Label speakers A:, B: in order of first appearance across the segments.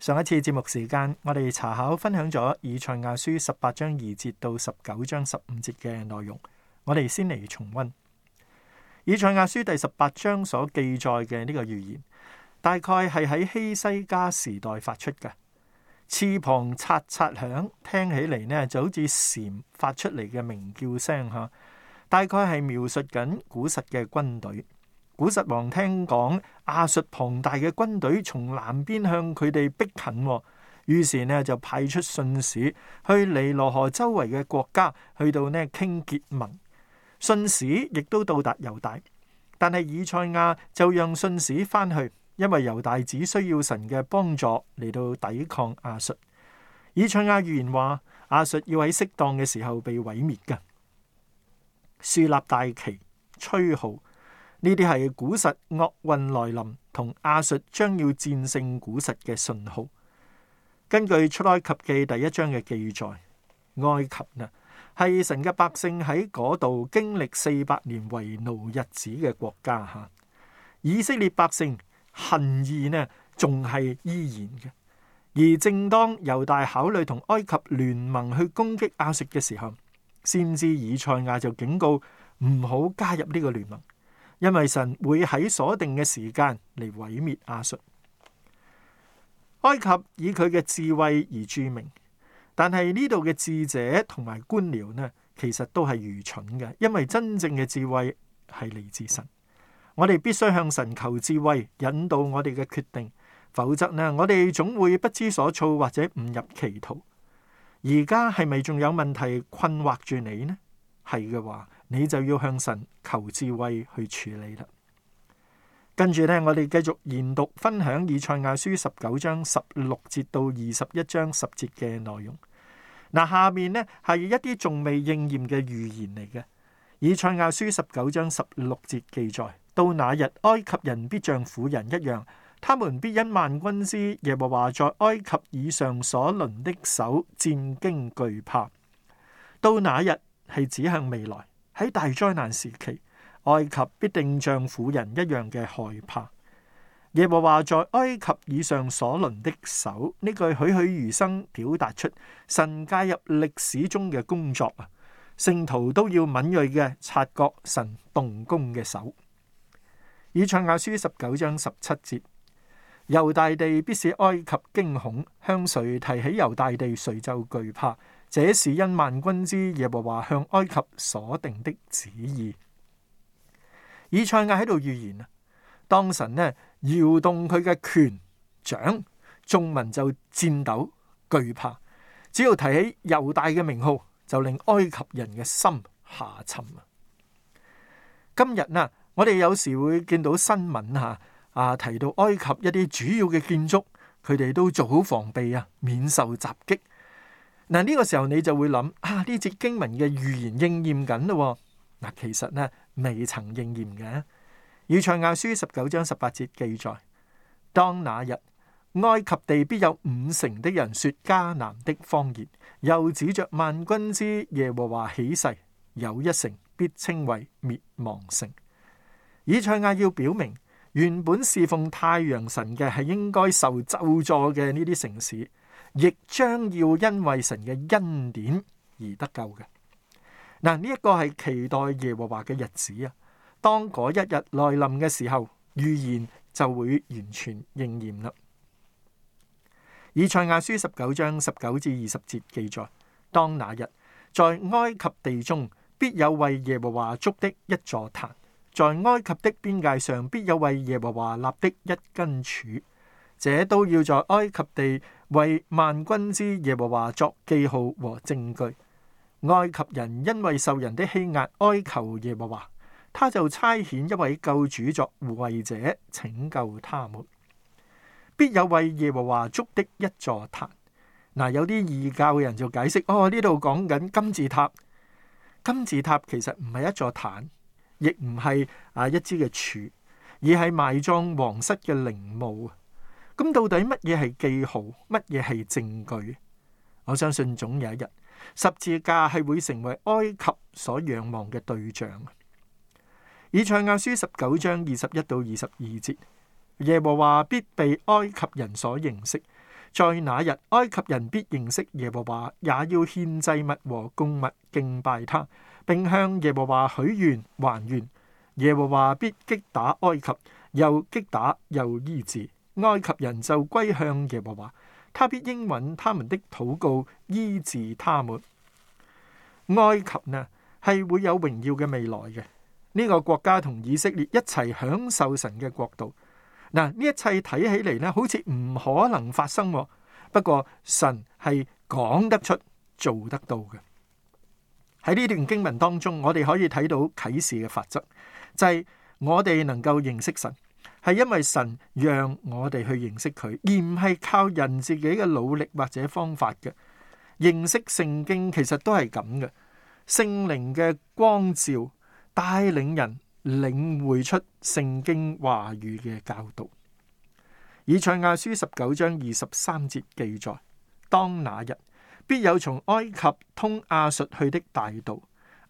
A: 上一次節目時間，我哋查考分享咗以賽亞書十八章二節到十九章十五節嘅內容。我哋先嚟重溫以賽亞書第十八章所記載嘅呢個預言，大概係喺希西家時代發出嘅。翅膀刷刷響，聽起嚟呢就好似蟬發出嚟嘅鳴叫聲吓。大概係描述緊古實嘅軍隊。古實王聽講亞述龐大嘅軍隊從南邊向佢哋逼近、哦，於是呢就派出信使去尼羅河周圍嘅國家，去到呢傾結盟。信使亦都到達猶大，但係以賽亞就讓信使翻去，因為猶大只需要神嘅幫助嚟到抵抗亞述。以賽亞預言話亞述要喺適當嘅時候被毀滅嘅，樹立大旗，吹號。呢啲係古實厄運來臨，同亞述將要戰勝古實嘅信號。根據《出埃及記》第一章嘅記載，埃及呢係神嘅百姓喺嗰度經歷四百年為奴日子嘅國家吓。以色列百姓恨意呢仲係依然嘅，而正當猶大考慮同埃及聯盟去攻擊亞述嘅時候，先知以賽亞就警告唔好加入呢個聯盟。因為神會喺所定嘅時間嚟毀滅亞述。埃及以佢嘅智慧而著名，但係呢度嘅智者同埋官僚呢，其實都係愚蠢嘅。因為真正嘅智慧係嚟自神。我哋必須向神求智慧，引導我哋嘅決定。否則呢，我哋總會不知所措或者誤入歧途。而家係咪仲有問題困惑住你呢？係嘅話，你就要向神求智慧去處理啦。跟住咧，我哋繼續研讀分享以賽亞書十九章十六節到二十一章十節嘅內容。嗱，下面咧係一啲仲未應驗嘅預言嚟嘅。以賽亞書十九章十六節記載：到那日，埃及人必像婦人一樣，他們必因萬軍之耶和華在埃及以上所掄的手戰兢懼怕。到那日。係指向未來喺大災難時期，埃及必定像婦人一樣嘅害怕。耶和華在埃及以上所掄的手，呢句栩栩如生，表達出神介入歷史中嘅工作啊！聖徒都要敏鋭嘅察覺神動工嘅手。以賽亞書十九章十七節，猶大地必使埃及驚恐，向誰提起猶大地，誰就懼怕。這是因萬軍之耶和華向埃及所定的旨意。以賽亞喺度預言啊，當神咧搖動佢嘅拳掌，眾民就顫抖懼怕。只要提起猶大嘅名號，就令埃及人嘅心下沉啊！今日啊，我哋有時會見到新聞吓啊，提到埃及一啲主要嘅建築，佢哋都做好防備啊，免受襲擊。嗱，呢個時候你就會諗啊，呢節經文嘅預言應驗緊咯。嗱，其實呢，未曾應驗嘅。以賽亞書十九章十八節記載：當那日埃及地必有五成的人說迦南的方言，又指着萬軍之耶和華起誓，有一城必稱為滅亡城。以賽亞要表明，原本侍奉太陽神嘅係應該受咒詛嘅呢啲城市。亦將要因為神嘅恩典而得救嘅。嗱，呢一個係期待耶和華嘅日子啊。當嗰一日來臨嘅時候，預言就會完全應驗啦。以賽亞書十九章十九至二十節記載：當那日在埃及地中必有為耶和華築的一座壇，在埃及的邊界上必有為耶和華立的一根柱，這都要在埃及地。為萬軍之耶和華作記號和證據，埃及人因為受人的欺壓哀求耶和華，他就差遣一位救主作護衛者拯救他們。必有為耶和華築的一座壇。嗱、呃，有啲異教嘅人就解釋：哦，呢度講緊金字塔。金字塔其實唔係一座壇，亦唔係啊一支嘅柱，而係埋葬皇室嘅陵墓咁到底乜嘢係記號，乜嘢係證據？我相信總有一日十字架係會成為埃及所仰望嘅對象。以賽亞書十九章二十一到二十二節：耶和華必被埃及人所認識，在那日埃及人必認識耶和華，也要獻祭物和貢物敬拜他，並向耶和華許願還願。耶和華必擊打埃及，又擊打又醫治。埃及人就歸向耶和華，他必應允他們的禱告，醫治他們。埃及呢係會有榮耀嘅未來嘅，呢個國家同以色列一齊享受神嘅國度。嗱，呢一切睇起嚟呢，好似唔可能發生。不過神係講得出，做得到嘅。喺呢段經文當中，我哋可以睇到啟示嘅法則，就係我哋能夠認識神。係因為神讓我哋去認識佢，而唔係靠人自己嘅努力或者方法嘅。認識聖經，其實都係咁嘅。聖靈嘅光照帶領人領會出聖經話語嘅教導。以賽亞書十九章二十三節記載：當那日必有從埃及通亞述去的大道，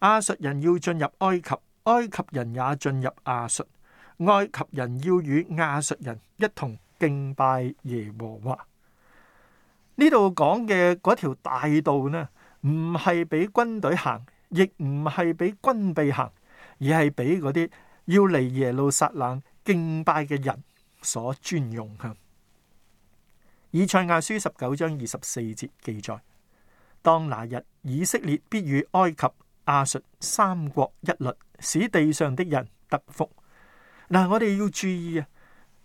A: 亞述人要進入埃及，埃及人也進入亞述。埃及人要與亞述人一同敬拜耶和華。呢度講嘅嗰條大道呢，唔係俾軍隊行，亦唔係俾軍備行，而係俾嗰啲要嚟耶路撒冷敬拜嘅人所專用。喺以賽亞書十九章二十四節記載：當那日，以色列必與埃及、亞述三國一律，使地上的人得福。嗱，我哋要注意啊！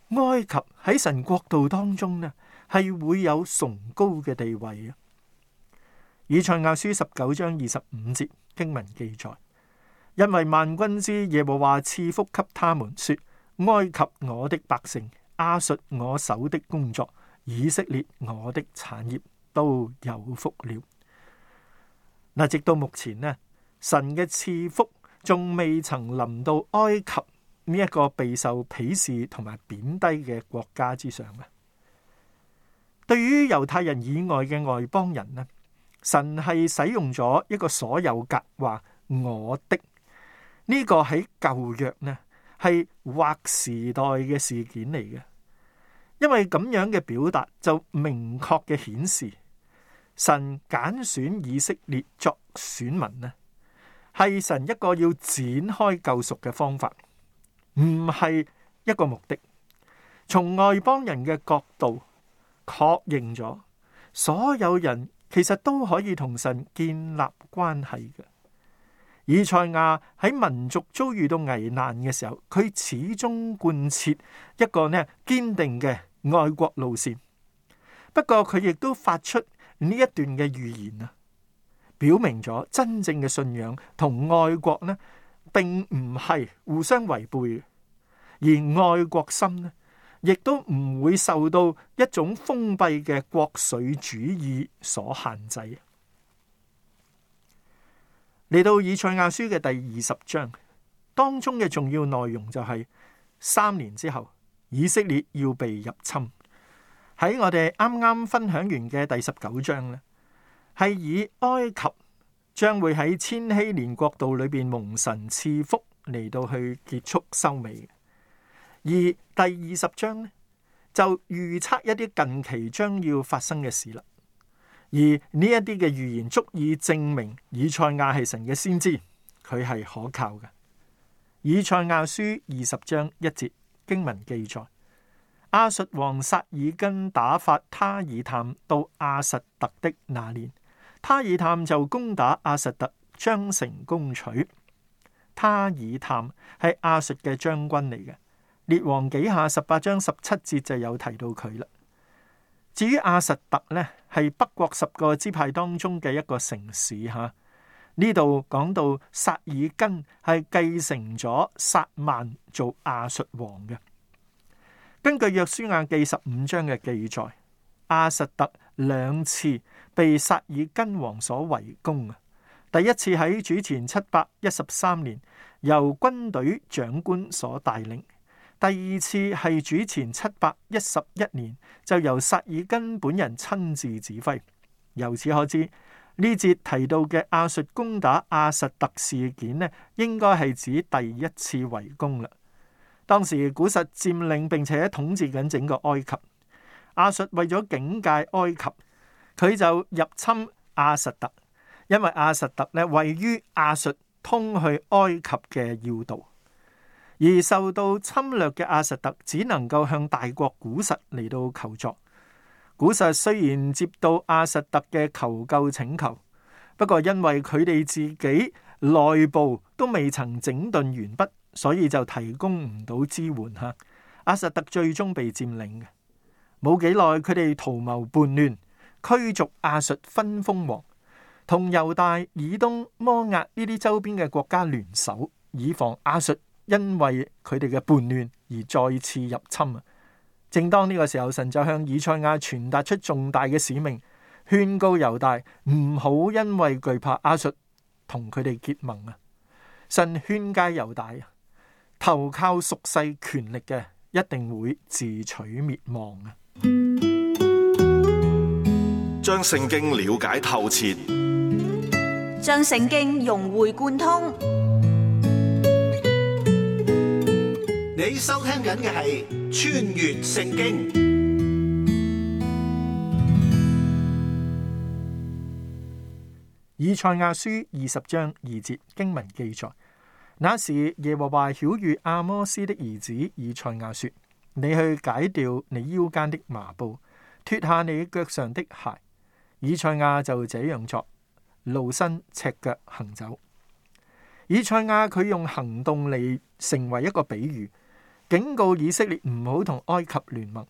A: 埃及喺神國度當中呢，係會有崇高嘅地位啊。以賽亞書十九章二十五節經文記載：因為萬軍之耶和華賜福給他們，說：埃及我的百姓，阿述我手的工作，以色列我的產業都有福了。嗱，直到目前呢，神嘅賜福仲未曾臨到埃及。呢一個備受鄙視同埋貶低嘅國家之上咧，對於猶太人以外嘅外邦人咧，神係使用咗一個所有格話，話我的呢，呢個喺舊約呢係劃時代嘅事件嚟嘅，因為咁樣嘅表達就明確嘅顯示神揀選以色列作選民呢，係神一個要展開救贖嘅方法。唔係一個目的，從外邦人嘅角度確認咗，所有人其實都可以同神建立關係嘅。以賽亞喺民族遭遇到危難嘅時候，佢始終貫徹一個呢堅定嘅愛國路線。不過佢亦都發出呢一段嘅預言啊，表明咗真正嘅信仰同愛國呢。並唔係互相違背，而愛國心呢，亦都唔會受到一種封閉嘅國粹主義所限制。嚟到以賽亞書嘅第二十章當中嘅重要內容就係、是、三年之後以色列要被入侵。喺我哋啱啱分享完嘅第十九章呢係以埃及。將會喺千禧年國度裏邊蒙神賜福嚟到去結束收尾。而第二十章呢，就預測一啲近期將要發生嘅事啦。而呢一啲嘅預言足以證明以賽亞係神嘅先知，佢係可靠嘅。以賽亞書二十章一節經文記載：亞述王撒珥根打發他珥探到亞實突的那年。他爾探就攻打阿實特，將城攻取。他爾探係亞述嘅將軍嚟嘅。列王紀下十八章十七節就有提到佢啦。至於阿實特呢，係北國十個支派當中嘅一個城市吓。呢度講到薩爾根係繼承咗薩曼做亞述王嘅。根據約書亞記十五章嘅記載，阿實特兩次，被薩爾根王所圍攻啊！第一次喺主前七百一十三年，由軍隊長官所帶領；第二次係主前七百一十一年，就由薩爾根本人親自指揮。由此可知，呢節提到嘅亞述攻打亞實突事件呢，應該係指第一次圍攻啦。當時古實佔領並且統治緊整個埃及，亞述為咗警戒埃及。佢就入侵阿實特，因為阿實特呢位於亞述通去埃及嘅要道，而受到侵略嘅阿實特只能夠向大國古實嚟到求助。古實雖然接到阿實特嘅求救請求，不過因為佢哋自己內部都未曾整頓完畢，所以就提供唔到支援吓。阿實特最終被佔領嘅，冇幾耐佢哋圖謀叛亂。驅逐亞述分封王，同猶大、以東、摩押呢啲周邊嘅國家聯手，以防亞述因為佢哋嘅叛亂而再次入侵啊！正當呢個時候，神就向以賽亞傳達出重大嘅使命，勸告猶大唔好因為懼怕亞述同佢哋結盟啊！神勸誡猶大啊，投靠屬世權力嘅，一定會自取滅亡啊！將聖經了解透徹，將聖經融會貫通。你收聽緊嘅係《穿越聖經》。 以賽亞書二十章二節經文記載：那時耶和華曉諭阿摩斯的兒子以賽亞說：你去解掉你腰間的麻布，脱下你腳上的鞋。以賽亞就這樣作露身赤腳行走。以賽亞佢用行動嚟，成為一個比喻，警告以色列唔好同埃及聯盟。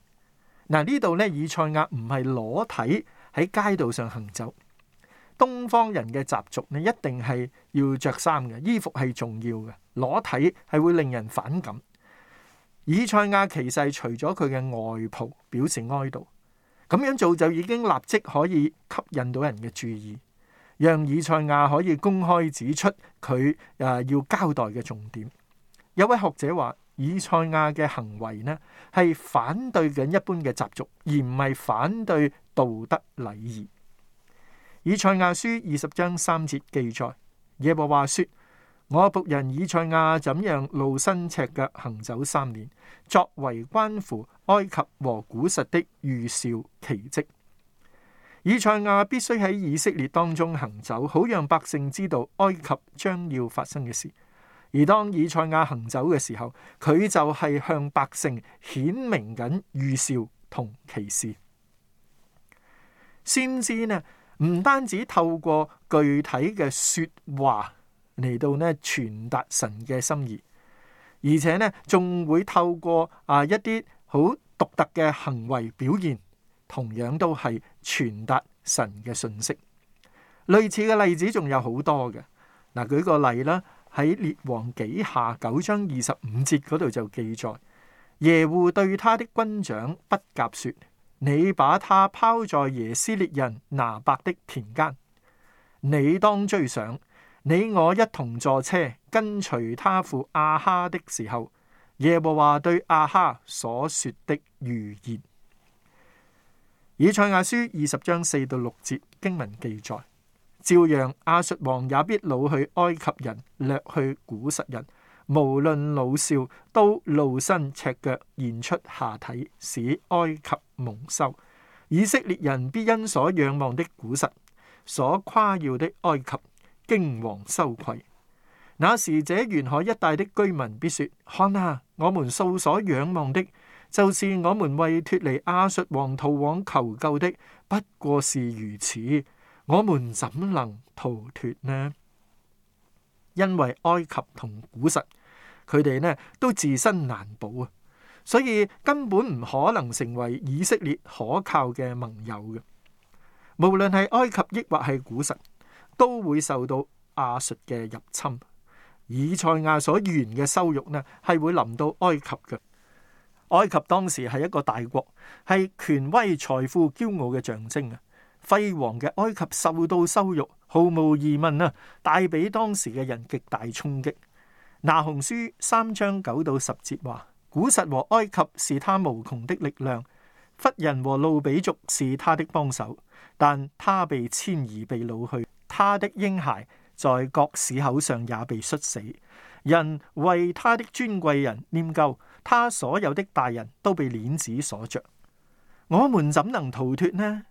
A: 嗱呢度呢，以賽亞唔係裸體喺街道上行走。東方人嘅習俗呢，一定係要着衫嘅，衣服係重要嘅，裸體係會令人反感。以賽亞其實除咗佢嘅外袍，表示哀悼。咁樣做就已經立即可以吸引到人嘅注意，讓以賽亞可以公開指出佢誒、呃、要交代嘅重點。有位學者話：以賽亞嘅行為呢，係反對緊一般嘅習俗，而唔係反對道德禮儀。以賽亞書二十章三節記載：耶和華說。我僕人以賽亞怎樣露身赤腳行走三年，作為關乎埃及和古實的預兆奇蹟。以賽亞必須喺以色列當中行走，好讓百姓知道埃及將要發生嘅事。而當以賽亞行走嘅時候，佢就係向百姓顯明緊預兆同奇事。先知呢唔單止透過具體嘅說話。嚟到呢，傳達神嘅心意，而且呢，仲會透過啊一啲好獨特嘅行為表現，同樣都係傳達神嘅信息。類似嘅例子仲有好多嘅。嗱，舉個例啦，喺列王紀下九章二十五節嗰度就記載，耶戶對他的軍長畢甲說：你把他拋在耶斯列人拿伯的田間，你當追上。你我一同坐車跟隨他父阿哈的時候，耶和華對阿哈所說的預言：以賽亞書二十章四到六節經文記載，照樣亞述王也必老去，埃及人掠去古實人，無論老少都露身赤腳，現出下體，使埃及蒙羞。以色列人必因所仰望的古實，所誇耀的埃及。驚惶羞愧，那時這沿海一帶的居民，必說看啊，我們素所仰望的，就是我們為脫離亞述王逃往求救的，不過是如此。我們怎能逃脫呢？因為埃及同古實，佢哋呢都自身難保啊，所以根本唔可能成為以色列可靠嘅盟友嘅。無論係埃及抑或係古實。都會受到亞述嘅入侵。以賽亞所言嘅羞辱呢，係會臨到埃及嘅。埃及當時係一個大國，係權威、財富、驕傲嘅象徵啊。輝煌嘅埃及受到羞辱，毫無疑問啊，帶俾當時嘅人極大衝擊。那鴻書三章九到十節話：古實和埃及是他無窮的力量，弗人和路比族是他的幫手，但他被遷移，被擄去。他的嬰孩在各市口上也被摔死，人為他的尊貴人拈鬮，他所有的大人都被鏈子鎖着。我們怎能逃脫呢？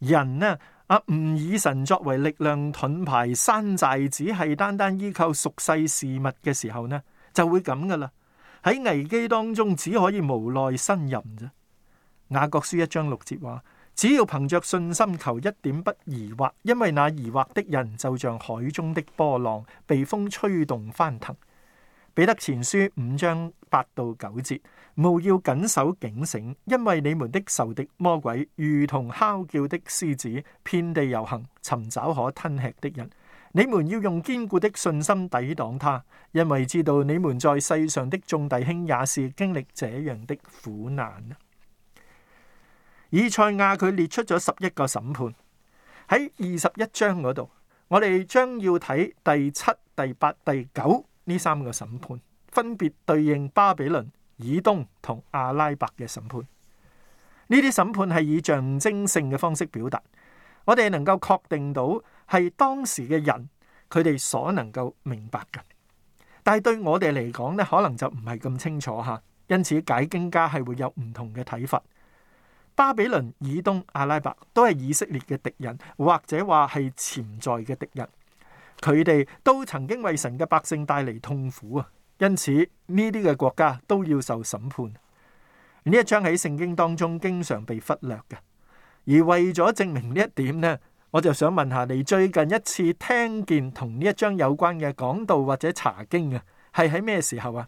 A: 人呢、啊？阿吳以神作為力量盾牌山寨，只係單單依靠屬世事物嘅時候呢，就會咁噶啦。喺危機當中，只可以無奈呻吟啫。雅各書一章六節話。只要憑着信心求一點不疑惑，因為那疑惑的人就像海中的波浪，被風吹動翻騰。彼得前書五章八到九節，務要謹守警醒，因為你們的仇敵魔鬼如同敲叫的獅子，遍地遊行，尋找可吞吃的人。你們要用堅固的信心抵擋他，因為知道你們在世上的眾弟兄也是經歷這樣的苦難。以賽亞佢列出咗十一個審判，喺二十一章嗰度，我哋將要睇第七、第八、第九呢三個審判，分別對應巴比倫、以東同阿拉伯嘅審判。呢啲審判係以象徵性嘅方式表達，我哋能夠確定到係當時嘅人佢哋所能夠明白嘅，但係對我哋嚟講呢可能就唔係咁清楚吓。因此解經家係會有唔同嘅睇法。巴比倫、以東、阿拉伯都係以色列嘅敵人，或者話係潛在嘅敵人。佢哋都曾經為神嘅百姓帶嚟痛苦啊！因此呢啲嘅國家都要受審判。呢一章喺聖經當中經常被忽略嘅，而為咗證明呢一點呢，我就想問下你最近一次聽見同呢一章有關嘅講道或者查經啊，係喺咩時候啊？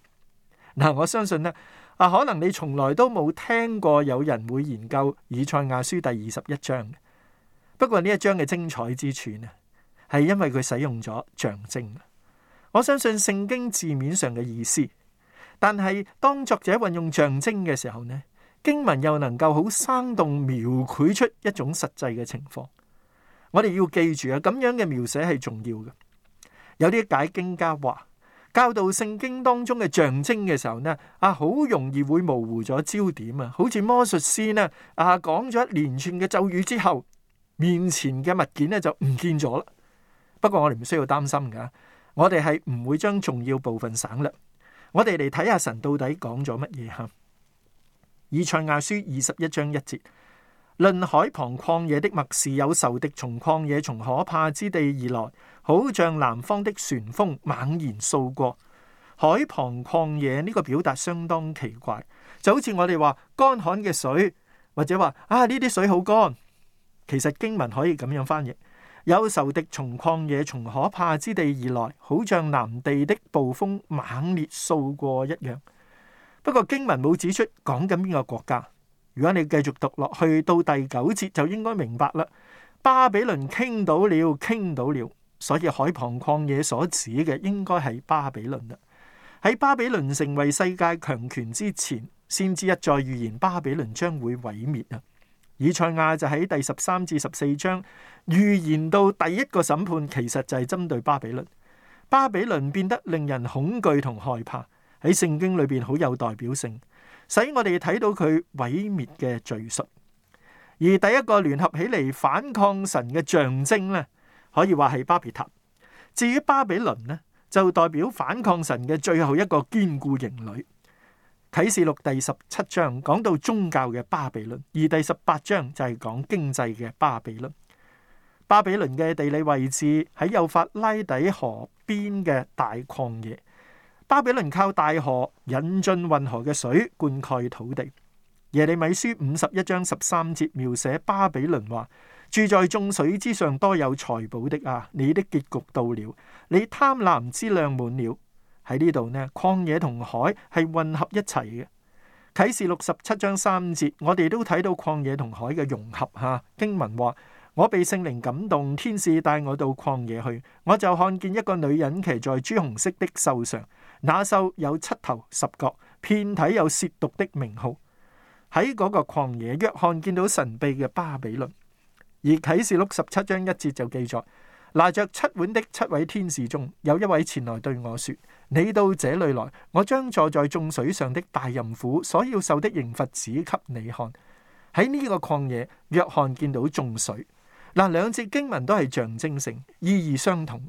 A: 嗱，我相信呢。啊，可能你從來都冇聽過有人會研究以賽亞書第二十一章。不過呢一章嘅精彩之處啊，係因為佢使用咗象徵。我相信聖經字面上嘅意思，但係當作者運用象徵嘅時候呢，經文又能夠好生動描繪出一種實際嘅情況。我哋要記住啊，咁樣嘅描寫係重要嘅。有啲解經家話。教導聖經當中嘅象徵嘅時候呢，啊，好容易會模糊咗焦點啊！好似魔術師呢，啊，講咗一連串嘅咒語之後，面前嘅物件呢就唔見咗啦。不過我哋唔需要擔心㗎，我哋係唔會將重要部分省略。我哋嚟睇下神到底講咗乜嘢吓。以賽亞書二十一章一節，論海旁曠野的默示，有仇敵從曠野從可怕之地而來。好像南方的旋風猛然掃過海旁曠野，呢個表達相當奇怪，就好似我哋話乾旱嘅水，或者話啊呢啲水好乾。其實經文可以咁樣翻譯：有仇敵從曠野從可怕之地而來，好像南地的暴風猛烈掃過一樣。不過經文冇指出講緊邊個國家。如果你繼續讀落去到第九節，就應該明白啦。巴比倫傾倒了，傾倒了。所以海旁曠野所指嘅應該係巴比倫啦。喺巴比倫成為世界強權之前，先知一再預言巴比倫將會毀滅啊。以賽亞就喺第十三至十四章預言到第一個審判，其實就係針對巴比倫。巴比倫變得令人恐懼同害怕，喺聖經裏邊好有代表性，使我哋睇到佢毀滅嘅敘述。而第一個聯合起嚟反抗神嘅象徵咧。可以話係巴比塔。至於巴比倫呢，就代表反抗神嘅最後一個堅固營壘。啟示錄第十七章講到宗教嘅巴比倫，而第十八章就係講經濟嘅巴比倫。巴比倫嘅地理位置喺幼發拉底河邊嘅大曠野。巴比倫靠大河引進運河嘅水灌溉土地。耶利米書五十一章十三節描寫巴比倫話：住在眾水之上，多有財寶的啊！你的結局到了，你貪婪之量滿了。喺呢度呢，曠野同海係混合一齊嘅。啟示六十七章三節，我哋都睇到曠野同海嘅融合吓、啊。經文話：我被聖靈感動，天使帶我到曠野去，我就看見一個女人騎在朱紅色的獸上，那獸有七頭十角，遍體有褻瀆的名號。喺嗰個曠野，約翰見到神秘嘅巴比倫。而啟示錄十七章一節就記載，拿着七碗的七位天使中，有一位前來對我說：你到這裏來，我將坐在眾水上的大淫婦所要受的刑罰指給你看。喺呢個曠野，約翰見到眾水。嗱，兩節經文都係象徵性，意義相同。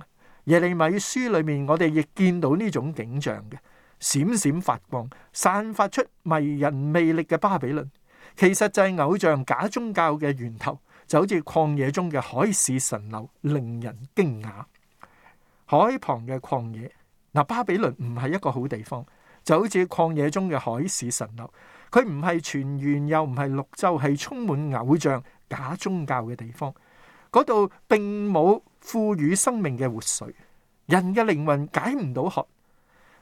A: 耶利米書裏面我哋亦見到呢種景象嘅。閃閃發光，散發出迷人魅力嘅巴比倫，其實就係偶像假宗教嘅源頭，就好似曠野中嘅海市蜃樓，令人驚訝。海旁嘅曠野，嗱，巴比倫唔係一個好地方，就好似曠野中嘅海市蜃樓，佢唔係泉源又唔係綠洲，係充滿偶像假宗教嘅地方。嗰度並冇賦予生命嘅活水，人嘅靈魂解唔到渴。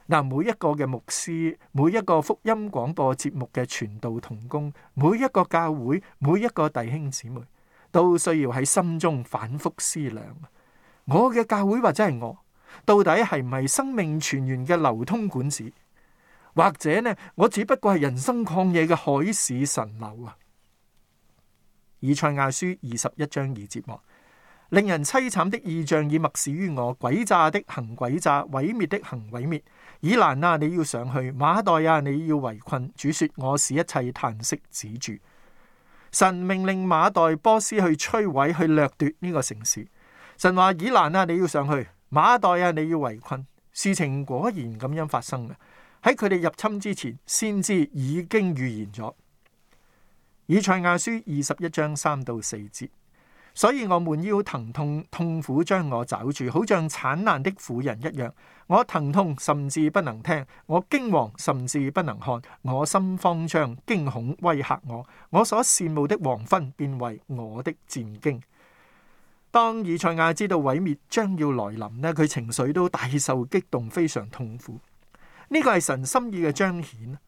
A: 嗱，每一個嘅牧師，每一個福音廣播節目嘅傳道同工，每一個教會，每一個弟兄姊妹，都需要喺心中反復思量：我嘅教會或者係我，到底係唔係生命泉源嘅流通管子，或者呢，我只不過係人生曠野嘅海市蜃樓啊！以賽亞書二十一章二節話。令人淒慘的異象已默示於我，詭詐的行詭詐，毀滅的行毀滅。以蘭啊，你要上去；馬代啊，你要圍困。主說，我使一切嘆息止住。神命令馬代波斯去摧毀、去掠奪呢個城市。神話，以蘭啊，你要上去；馬代啊，你要圍困。事情果然咁樣發生嘅。喺佢哋入侵之前，先知已經預言咗。以賽亞書二十一章三到四節。所以我滿腰疼痛，痛苦將我抓住，好像產難的婦人一樣。我疼痛甚至不能聽，我驚惶甚至不能看，我心慌張，驚恐威嚇我。我所羨慕的黃昏變為我的戰兢。當以賽亞知道毀滅將要來臨呢，佢情緒都大受激動，非常痛苦。呢個係神心意嘅彰顯，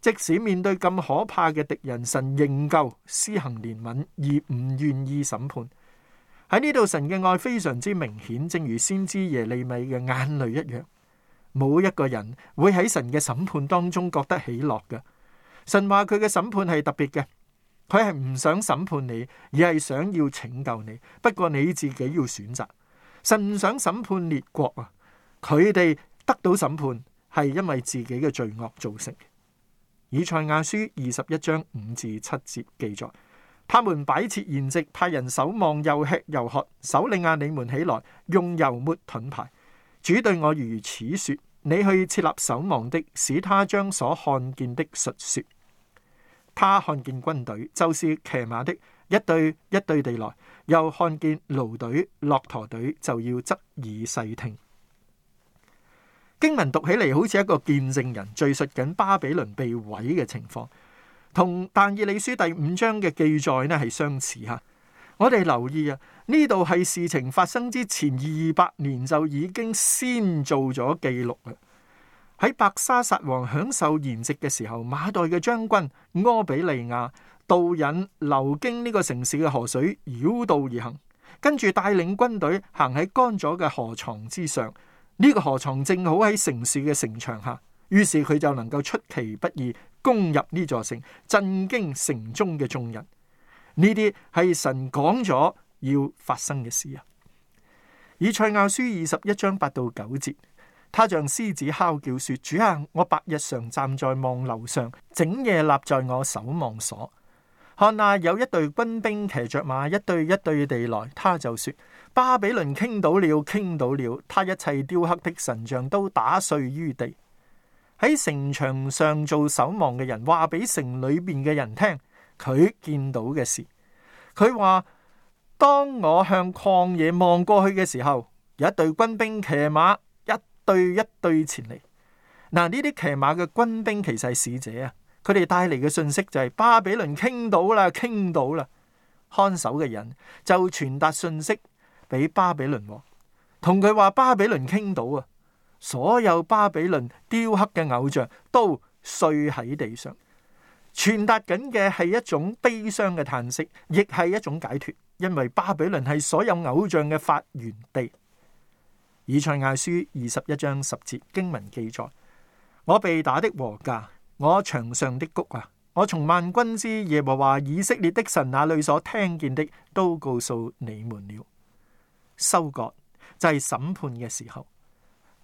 A: 即使面對咁可怕嘅敵人，神仍舊施行憐憫，而唔願意審判。喺呢度，神嘅愛非常之明顯，正如先知耶利米嘅眼淚一樣。冇一個人會喺神嘅審判當中覺得喜樂嘅。神話佢嘅審判係特別嘅，佢係唔想審判你，而係想要拯救你。不過你自己要選擇。神唔想審判列國啊，佢哋得到審判係因為自己嘅罪惡造成。以賽亞書二十一章五至七節記載。他們擺設筵席，派人守望，又吃又喝。首領啊，你們起來，用油抹盾牌。主對我如此說：你去設立守望的，使他將所看見的述說。他看見軍隊，就是騎馬的一對一對地來；又看見驢隊、駱駝隊，就要側耳細聽。經文讀起嚟，好似一個見證人敘述緊巴比倫被毀嘅情況。同但以理書第五章嘅記載呢係相似哈、啊，我哋留意啊，呢度係事情發生之前二百年就已經先做咗記錄啦。喺白沙撒王享受筵席嘅時候，馬代嘅將軍柯比利亞導引流經呢個城市嘅河水繞道而行，跟住帶領軍隊行喺乾咗嘅河床之上，呢、呢個河床正好喺城市嘅城牆下。於是佢就能夠出其不意攻入呢座城，震驚城中嘅眾人。呢啲係神講咗要發生嘅事啊。以賽亞書二十一章八到九節，他像獅子哮叫說：主啊，我白日常站在望樓上，整夜立在我守望所，看哪，有一隊軍兵騎着馬，一對一對地來。他就說：巴比倫傾倒了，傾倒了，他一切雕刻的神像都打碎於地。喺城牆上做守望嘅人話俾城裏邊嘅人聽佢見到嘅事。佢話：當我向曠野望過去嘅時候，有一隊軍兵騎馬一對一對前嚟。嗱，呢啲騎馬嘅軍兵其實係使者啊，佢哋帶嚟嘅信息就係、是、巴比倫傾到啦，傾到啦。看守嘅人就傳達信息俾巴比倫，同佢話巴比倫傾到啊。所有巴比倫雕刻嘅偶像都碎喺地上，傳達緊嘅係一種悲傷嘅嘆息，亦係一種解脫，因為巴比倫係所有偶像嘅發源地。以賽亞書二十一章十節經文記載：我被打的禾稼，我場上的穀啊，我從萬軍之耶和華以色列的神那裏所聽見的，都告訴你們了。收割就係、是、審判嘅時候。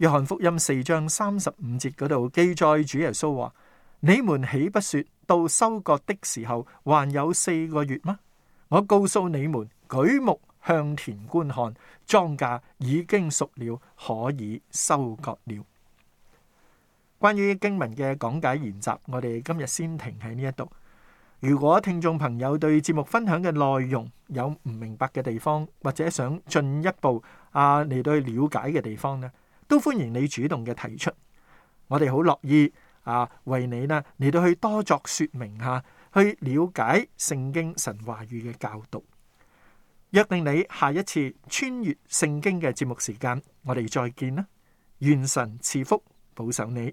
A: 約翰福音四章三十五節嗰度記載主耶穌話：你們豈不說到收割的時候還有四個月嗎？我告訴你們，舉目向田觀看，莊稼已經熟了，可以收割了。關於經文嘅講解研習，我哋今日先停喺呢一度。如果聽眾朋友對節目分享嘅內容有唔明白嘅地方，或者想進一步啊嚟到了解嘅地方呢？都歡迎你主動嘅提出，我哋好樂意啊，為你呢，你都去多作說明下去了解聖經神話語嘅教導。約定你下一次穿越聖經嘅節目時間，我哋再見啦，願神賜福保守你。